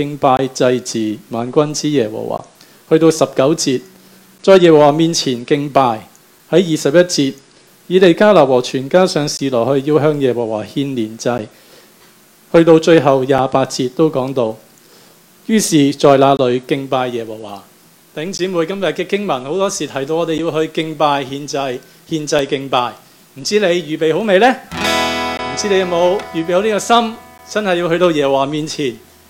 敬拜祭祀萬軍之耶和華，去到十九節，在耶和華面前敬拜；喺二十一節，以利加拿和全家上示羅去要向耶和華獻年祭；去到最後廿八節都講到，於是在那裏敬拜耶和華。弟兄姊妹，今日嘅經文好多時提到，我哋要去敬拜獻祭，獻祭敬拜。唔知你預備好未呢？唔知你有冇預備好呢個心，真係要去到耶和華面前？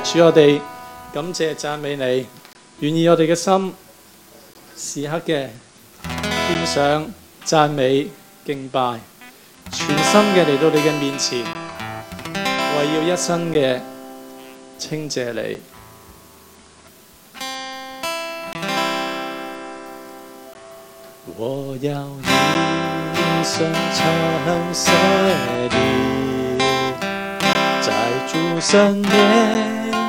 主我哋感謝讚美你，願意我哋嘅心時刻嘅獻上讚美敬拜，全心嘅嚟到你嘅面前，為要一生嘅稱謝你。我要一生稱謝你，在主身邊。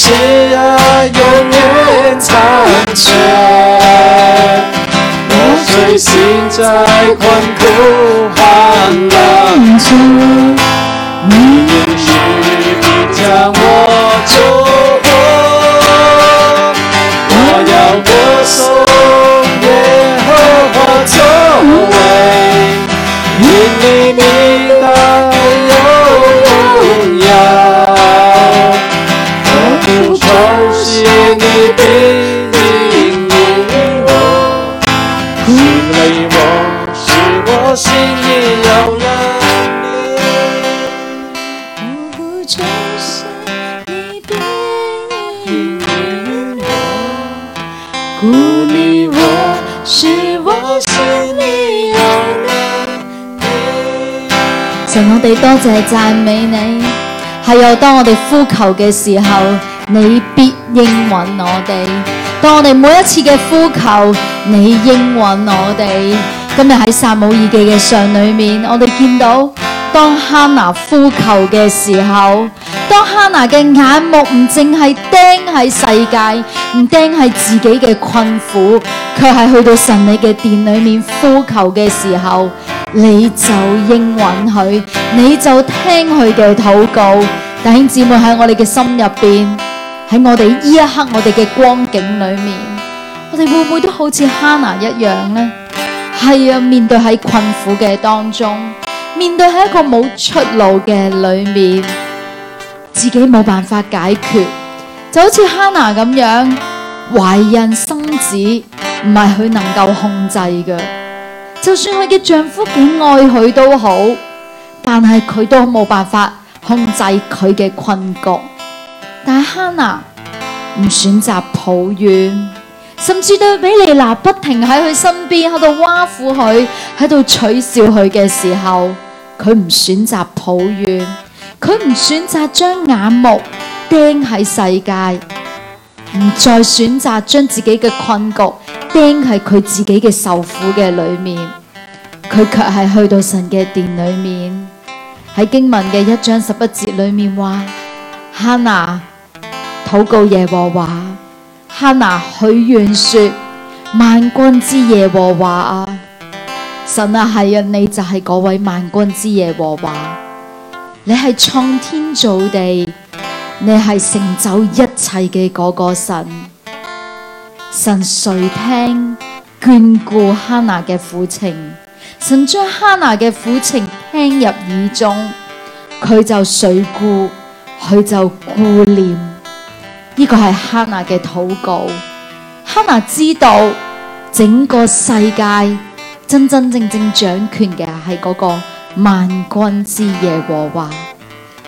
是啊，永遠殘缺。我隨心在困苦寒冷中。多謝讚美你，係有、啊、當我哋呼求嘅時候，你必應允我哋；當我哋每一次嘅呼求，你應允我哋。今日喺撒母耳記嘅上裏面，我哋見到，當哈拿呼求嘅時候，當哈拿嘅眼目唔淨係盯喺世界，唔盯喺自己嘅困苦，佢係去到神你嘅殿裏面呼求嘅時候。你就應允許，你就聽佢嘅禱告。弟兄姊妹，喺我哋嘅心入邊，喺我哋依一刻我哋嘅光景裏面，我哋會唔會都好似哈拿一樣呢？係啊，面對喺困苦嘅當中，面對喺一個冇出路嘅裏面，自己冇辦法解決，就好似哈拿咁樣懷孕生子，唔係佢能夠控制嘅。就算佢嘅丈夫幾愛佢都好，但係佢都冇辦法控制佢嘅困局。但係哈娜唔選擇抱怨，甚至對比利娜不停喺佢身邊喺度挖苦佢，喺度取笑佢嘅時候，佢唔選擇抱怨，佢唔選擇將眼目盯喺世界。唔再選擇將自己嘅困局釘喺佢自己嘅受苦嘅裏面，佢卻係去到神嘅殿裏面，喺經文嘅一章十一節裏面話：哈拿禱告耶和華，哈拿許願說：萬軍之耶和華啊，神啊係啊，你就係嗰位萬軍之耶和華，你係創天造地。你係成就一切嘅嗰個神，神垂，神垂聽眷顧哈拿嘅苦情，神將哈拿嘅苦情聽入耳中，佢就垂顧，佢就顧念，呢、這個係哈拿嘅禱告。哈拿知道整個世界真真正正掌權嘅係嗰個萬軍之耶和華。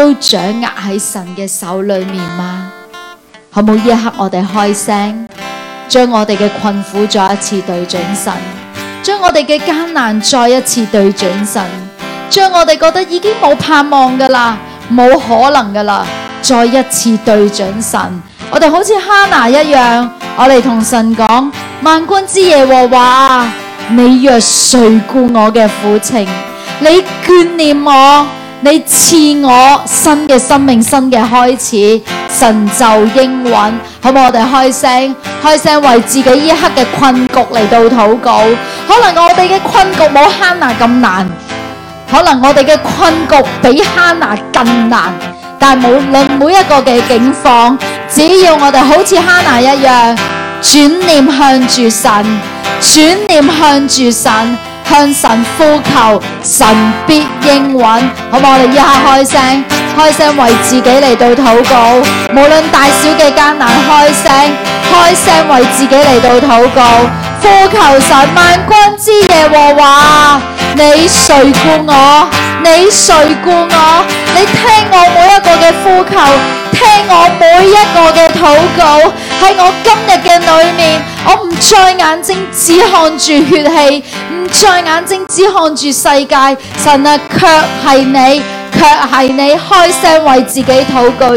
都掌握喺神嘅手裏面嗎？可唔可以一刻我哋開聲，將我哋嘅困苦再一次對準神，將我哋嘅艱難再一次對準神，將我哋覺得已經冇盼望噶啦，冇可能噶啦，再一次對準神。我哋好似哈拿一樣，我哋同神講：萬軍之耶和華，你若垂顧我嘅苦情，你眷念我。你賜我新嘅生命、新嘅開始。神就應允，好唔好？我哋開聲，開聲為自己依刻嘅困局嚟到禱告。可能我哋嘅困局冇哈拿咁難，可能我哋嘅困局比哈拿更難。但係無論每一個嘅境況，只要我哋好似哈拿一樣，轉念向住神，轉念向住神。向神呼求，神必應允。好，我哋一刻開聲，開聲為自己嚟到禱告，無論大小嘅艱難，開聲，開聲為自己嚟到禱告，呼求神萬軍之耶和華，你垂顧我，你垂顧我，你聽我每一個嘅呼求。聽我每一個嘅禱告，喺我今日嘅裏面，我唔再眼睛只看住血氣，唔再眼睛只看住世界，神啊，卻係你，卻係你開聲為自己禱告。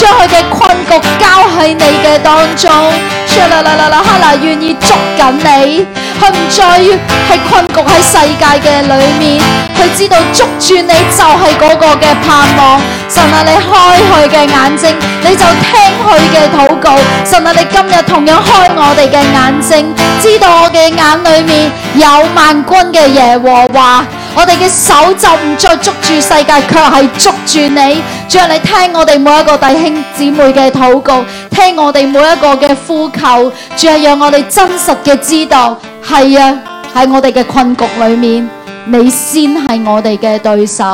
將佢嘅困局交喺你嘅當中，啦啦啦啦哈拿，願意捉緊你。佢唔再於係困局喺世界嘅裏面，佢知道捉住你就係嗰個嘅盼望。神啊，你開佢嘅眼睛，你就聽佢嘅禱告。神啊，你今日同樣開我哋嘅眼睛，知道我嘅眼裏面有萬軍嘅耶和華。我哋嘅手就唔再捉住世界，卻係捉住你。主要你聽我哋每一個弟兄姊妹嘅禱告，聽我哋每一個嘅呼求，仲要讓我哋真實嘅知道，係啊！喺我哋嘅困局裏面，你先係我哋嘅對手；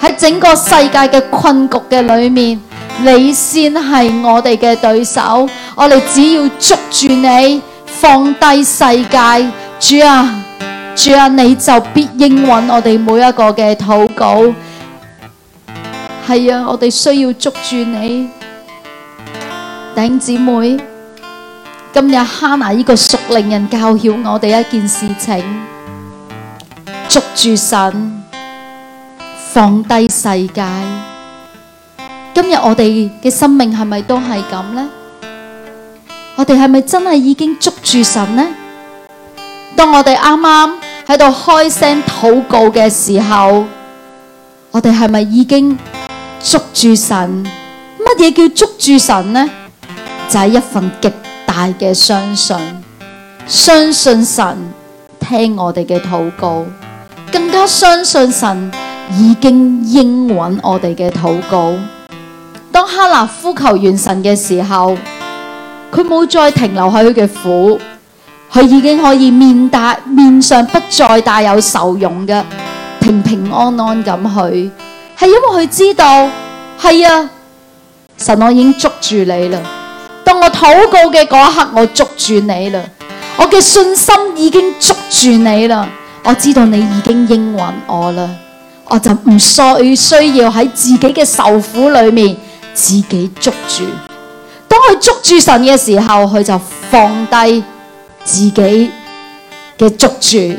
喺整個世界嘅困局嘅裏面，你先係我哋嘅對手。我哋只要捉住你，放低世界，主啊！主啊，你就必應允我哋每一個嘅禱告。係啊，我哋需要捉住你，弟兄姊妹。今日哈拿呢個屬靈人教曉我哋一件事情：捉住神，放低世界。今日我哋嘅生命係咪都係咁咧？我哋係咪真係已經捉住神咧？當我哋啱啱喺度開聲禱告嘅時候，我哋係咪已經捉住神？乜嘢叫捉住神呢？就係、是、一份極大嘅相信，相信神聽我哋嘅禱告，更加相信神已經應允我哋嘅禱告。當哈拿呼求完神嘅時候，佢冇再停留喺佢嘅苦。佢已經可以面帶，面上不再帶有愁容嘅，平平安安咁去，係因為佢知道係啊神，我已經捉住你啦。當我禱告嘅嗰一刻，我捉住你啦。我嘅信心已經捉住你啦。我知道你已經應允我啦，我就唔再需要喺自己嘅受苦裏面自己捉住。當佢捉住神嘅時候，佢就放低。自己嘅捉住，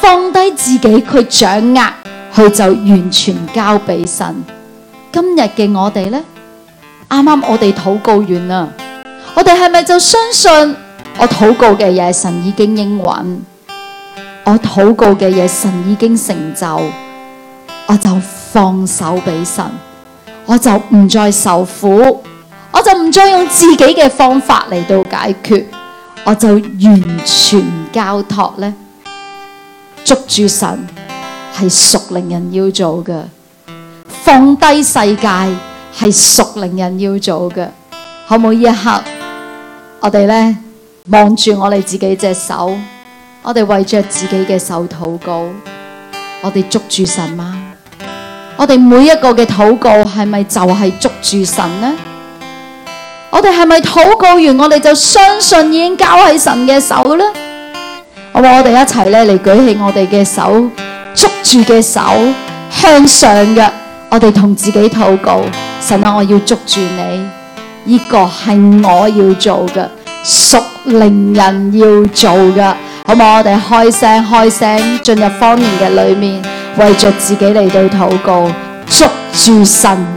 放低自己去掌握，佢就完全交俾神。今日嘅我哋咧，啱啱我哋禱告完啦，我哋係咪就相信我禱告嘅嘢神已經應允，我禱告嘅嘢神已經成就，我就放手俾神，我就唔再受苦，我就唔再用自己嘅方法嚟到解決。我就完全交託咧，捉住神係屬靈人要做嘅，放低世界係屬靈人要做嘅，好唔好？依一刻，我哋咧望住我哋自己隻手，我哋為着自己嘅手禱告，我哋捉住神嗎？我哋每一個嘅禱告係咪就係捉住神呢？我哋係咪禱告完，我哋就相信已經交喺神嘅手咧？好冇？我哋一齊咧嚟舉起我哋嘅手，捉住嘅手向上嘅。我哋同自己禱告，神啊，我要捉住你，呢個係我要做嘅屬靈人要做嘅。好冇？我哋開聲開聲，進入方言嘅裏面，為着自己嚟到禱告，捉住神。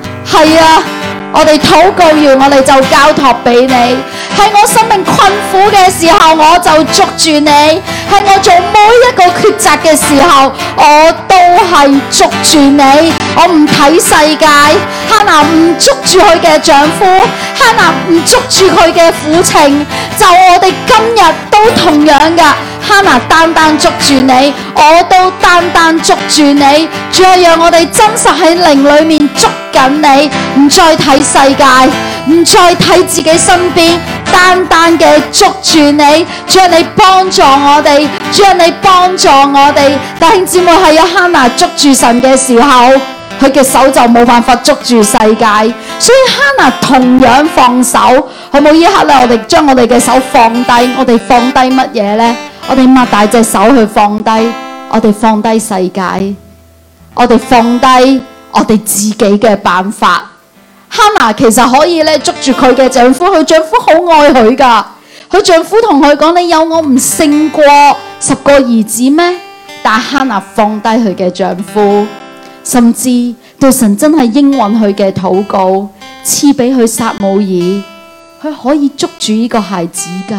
係啊！我哋禱告完我哋就交託俾你。喺我生命困苦嘅時候，我就捉住你；喺我做每一個抉擇嘅時候，我都係捉住你。我唔睇世界，哈娜唔捉住佢嘅丈夫，哈娜唔捉住佢嘅苦情，就我哋今日都同樣噶。哈娜單單捉住你，我都單單捉住你，再讓我哋真實喺靈裏面捉，緊你，唔再睇世界，唔再睇自己身邊，單單嘅捉住你，主啊，你幫助我哋，主啊，你幫助我哋。弟兄姊妹，係有哈拿捉住神嘅時候，佢嘅手就冇辦法捉住世界。所以哈拿同樣放手，好冇？呢刻咧，我哋將我哋嘅手放低，我哋放低乜嘢咧？我哋擘大隻手去放低，我哋放低世界，我哋放低。我哋自己嘅辦法，哈娜其實可以咧捉住佢嘅丈夫，佢丈夫好愛佢噶，佢丈夫同佢講：你有我唔勝過十個兒子咩？但哈娜放低佢嘅丈夫，甚至對神真係應允佢嘅禱告，賜俾佢撒母耳，佢可以捉住呢個孩子噶，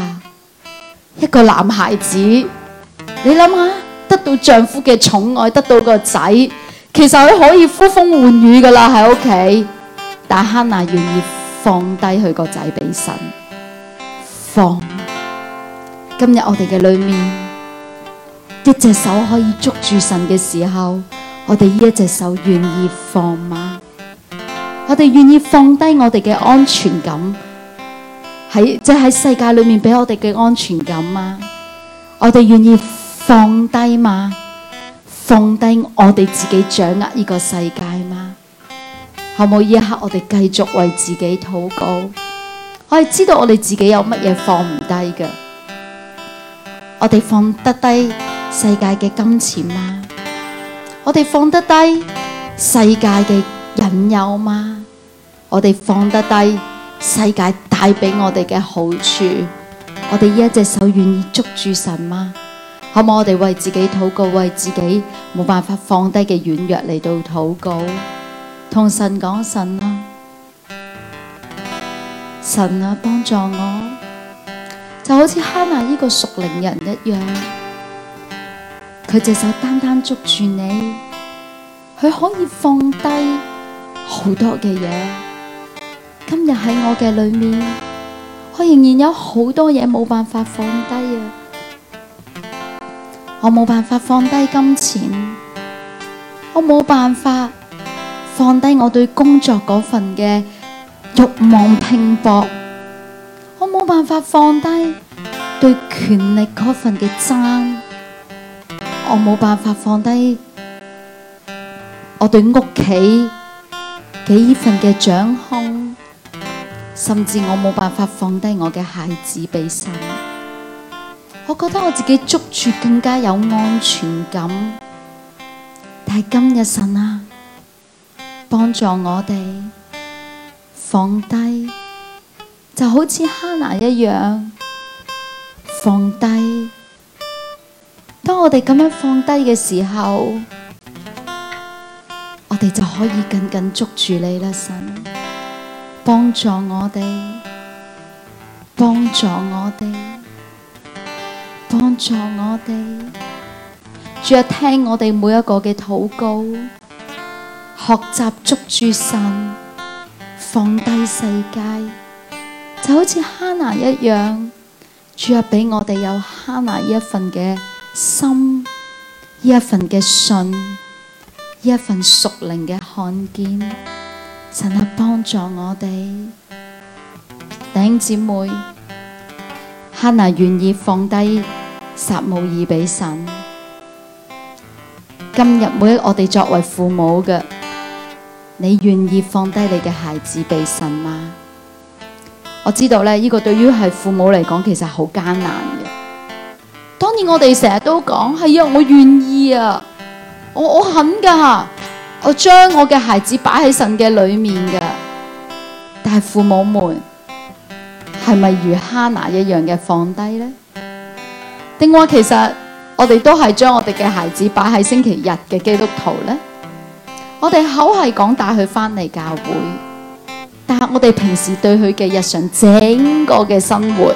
一個男孩子，你諗下，得到丈夫嘅寵愛，得到個仔。其實佢可以呼風喚雨噶啦喺屋企，但哈娜願意放低佢個仔俾神放。今日我哋嘅裏面，一隻手可以捉住神嘅時候，我哋呢一隻手願意放嗎？我哋願意放低我哋嘅安全感，喺即係喺世界裏面俾我哋嘅安全感嗎？我哋願意放低嗎？放低我哋自己掌握呢個世界嗎？可唔可以一刻我哋繼續為自己禱告。我哋知道我哋自己有乜嘢放唔低嘅。我哋放得低世界嘅金錢嗎？我哋放得低世界嘅引誘嗎？我哋放得低世界帶俾我哋嘅好處？我哋呢一隻手願意捉住神嗎？可唔可以我哋為自己禱告，為自己冇辦法放低嘅軟弱嚟到禱告，同神講，神啊，神啊，幫助我，就好似哈娜呢個屬靈人一樣，佢隻手單單捉住你，佢可以放低好多嘅嘢。今日喺我嘅裏面，我仍然有好多嘢冇辦法放低啊！我冇辦法放低金錢，我冇辦法放低我對工作嗰份嘅欲望拼搏，我冇辦法放低對權力嗰份嘅爭，我冇辦法放低我對屋企幾份嘅掌控，甚至我冇辦法放低我嘅孩子畀生命。我覺得我自己捉住更加有安全感，但係今日神啊，幫助我哋放低，就好似哈拿一樣放低。當我哋咁樣放低嘅時候，我哋就可以緊緊捉住你啦，神。幫助我哋，幫助我哋。幫助我哋，主啊，聽我哋每一個嘅禱告，學習捉住神，放低世界，就好似哈拿一樣，主啊，俾我哋有哈拿呢一份嘅心，呢一份嘅信，呢一份屬靈嘅看見，神啊，幫助我哋。弟兄姊妹，哈拿願意放低撒母耳俾神。今日每一我哋作為父母嘅，你願意放低你嘅孩子俾神嗎？我知道咧，呢個對於係父母嚟講，其實好艱難嘅。當然我哋成日都講，係、哎、啊，我願意啊，我我肯噶，我將我嘅孩子擺喺神嘅裏面嘅。但係父母們係咪如哈拿一樣嘅放低咧？定話其實我哋都係將我哋嘅孩子擺喺星期日嘅基督徒咧。我哋口係講帶佢翻嚟教會，但係我哋平時對佢嘅日常整個嘅生活，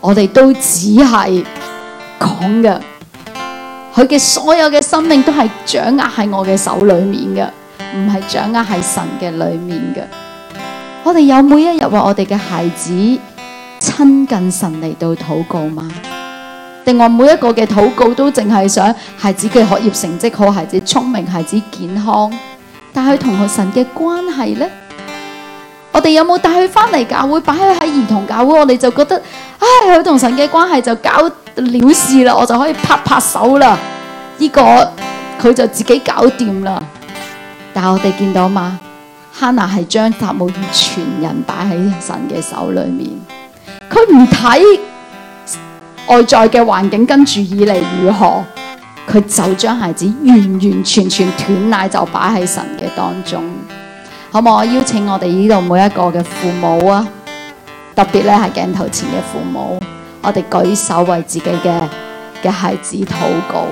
我哋都只係講嘅。佢嘅所有嘅生命都係掌握喺我嘅手裏面嘅，唔係掌握喺神嘅裏面嘅。我哋有每一日話我哋嘅孩子親近神嚟到禱告嗎？定我每一個嘅禱告都淨係想孩子嘅學業成績好，孩子聰明，孩子健康。但係同神嘅關係咧，我哋有冇帶佢翻嚟教會，擺佢喺兒童教會，我哋就覺得，唉，佢同神嘅關係就搞了事啦，我就可以拍拍手啦，呢、這個佢就自己搞掂啦。但係我哋見到嘛，哈娜係將撒母耳全人擺喺神嘅手裏面，佢唔睇。外在嘅環境跟住以嚟如何，佢就將孩子完完全全斷奶就擺喺神嘅當中，好冇？我邀請我哋呢度每一個嘅父母啊，特別咧係鏡頭前嘅父母，我哋舉手為自己嘅嘅孩子禱告，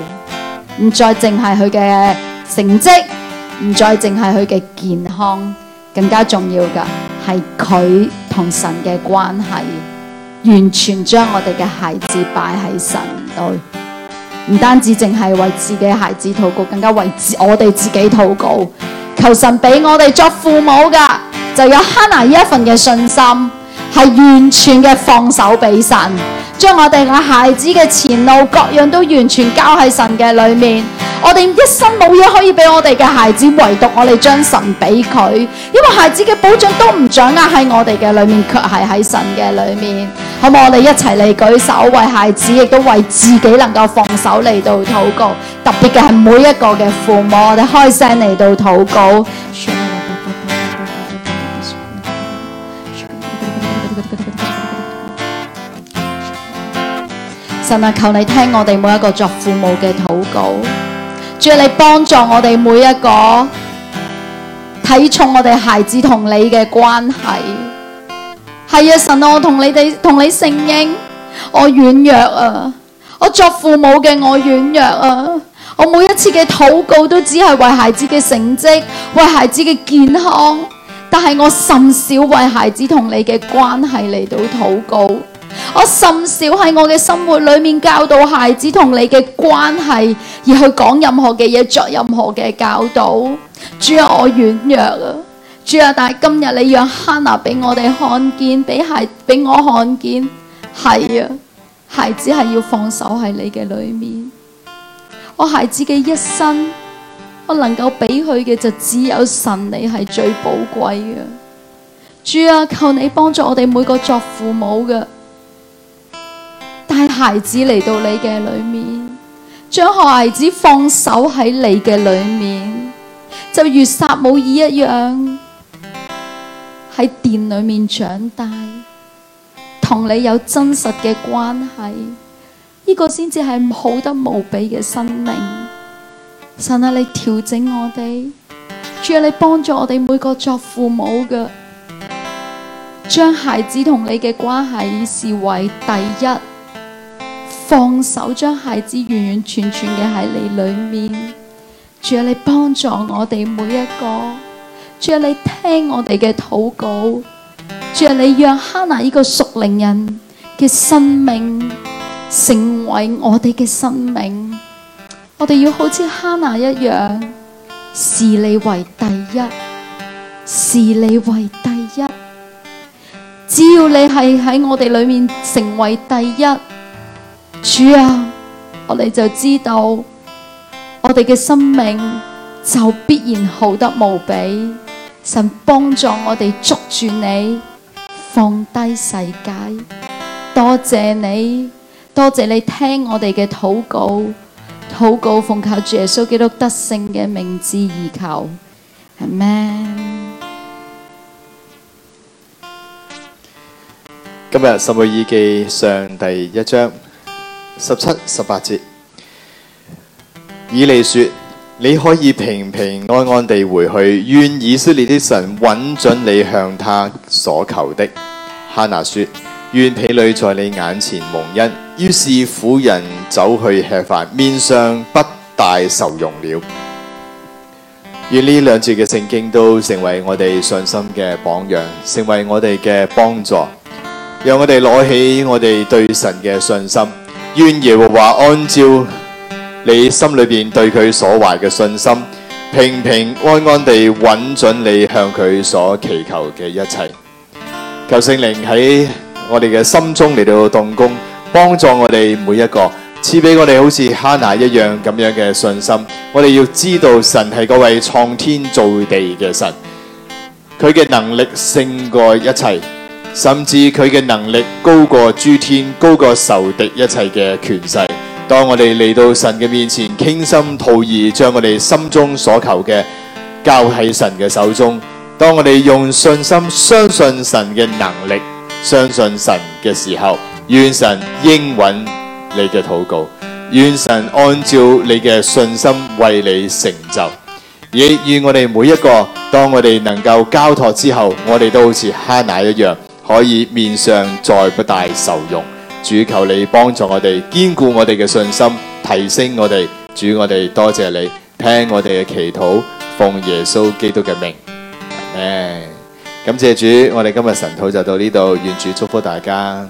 唔再淨係佢嘅成績，唔再淨係佢嘅健康，更加重要嘅係佢同神嘅關係。完全將我哋嘅孩子擺喺神度，唔單止淨係為自己孩子禱告，更加為我哋自己禱告。求神俾我哋作父母嘅，就有哈拿呢一份嘅信心。係完全嘅放手俾神，將我哋嘅孩子嘅前路各樣都完全交喺神嘅裏面。我哋一生冇嘢可以俾我哋嘅孩子，唯獨我哋將神俾佢。因為孩子嘅保障都唔掌握喺我哋嘅裏面，卻係喺神嘅裏面。好唔好？我哋一齊嚟舉手，為孩子亦都為自己能夠放手嚟到禱告。特別嘅係每一個嘅父母，我哋開聲嚟到禱告。神啊，求你聽我哋每一個作父母嘅禱告，主啊，你幫助我哋每一個睇重我哋孩子同你嘅關係。係啊，神啊，我同你哋同你承認，我軟弱啊，我作父母嘅我軟弱啊，我每一次嘅禱告都只係為孩子嘅成績，為孩子嘅健康，但係我甚少為孩子同你嘅關係嚟到禱告。我甚少喺我嘅生活裏面教導孩子同你嘅關係，而去講任何嘅嘢，作任何嘅教導。主啊，我軟弱啊！主啊，但係今日你讓哈拿俾我哋看見，俾孩俾我看見，係啊，孩子係要放手喺你嘅裏面。我孩子嘅一生，我能夠俾佢嘅就只有神，你係最寶貴嘅。主啊，求你幫助我哋每個作父母嘅。孩子嚟到你嘅裏面，將孩子放手喺你嘅裏面，就如撒母耳一樣喺殿裏面長大，同你有真實嘅關係，呢個先至係好得無比嘅生命。神啊，你調整我哋，主啊，你幫助我哋每個作父母嘅，將孩子同你嘅關係視為第一。放手將孩子完完全全嘅喺你裏面，主啊，你幫助我哋每一個，主啊，你聽我哋嘅禱告，主啊，你讓哈拿呢個屬靈人嘅生命成為我哋嘅生命，我哋要好似哈拿一樣，視你為第一，視你為第一，只要你係喺我哋裏面成為第一。主啊，我哋就知道我哋嘅生命就必然好得無比。神幫助我哋捉住你，放低世界。多謝你，多謝你聽我哋嘅禱告，禱告奉靠主耶穌基督得勝嘅名字而求。係咩？今日撒母耳記上第一章。十七、十八節，以利說：你可以平平安安地回去，願以色列的神允准你向他所求的。哈拿說：願婢女在你眼前蒙恩。於是婦人走去吃飯，面上不大愁容了。願呢兩節嘅聖經都成為我哋信心嘅榜樣，成為我哋嘅幫助，讓我哋攞起我哋對神嘅信心。願耶和華按照你心裏面對佢所懷嘅信心，平平安安地揾准你向佢所祈求嘅一切。求聖靈喺我哋嘅心中嚟到動工，幫助我哋每一個，賜俾我哋好似哈拿一樣咁樣嘅信心。我哋要知道神係嗰位創天造地嘅神，佢嘅能力勝過一切。甚至佢嘅能力高過諸天，高過仇敵一切嘅權勢。當我哋嚟到神嘅面前傾心吐意，將我哋心中所求嘅交喺神嘅手中；當我哋用信心相信神嘅能力，相信神嘅時候，願神應允你嘅禱告，願神按照你嘅信心為你成就。也願我哋每一個，當我哋能夠交託之後，我哋都好似哈拿一樣。可以面上再不帶愁容，主求你幫助我哋，堅固我哋嘅信心，提升我哋，主，我哋多謝你，聽我哋嘅祈禱，奉耶穌基督嘅名，amen。感謝主，我哋今日晨禱就到呢度，願主祝福大家。